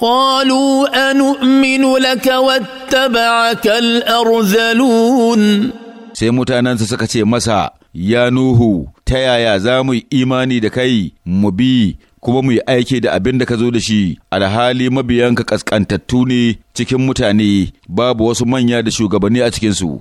قالوا أنؤمن لك واتبعك الأرذلون sai mutanensa suka ce masa ya nuhu ta yaya za mu yi imani da kai mu bi kuma mu yi aiki da abin da ka zo da shi alhali mabiyanka ƙasƙantattu ne cikin mutane babu wasu manya da shugabanni a cikinsu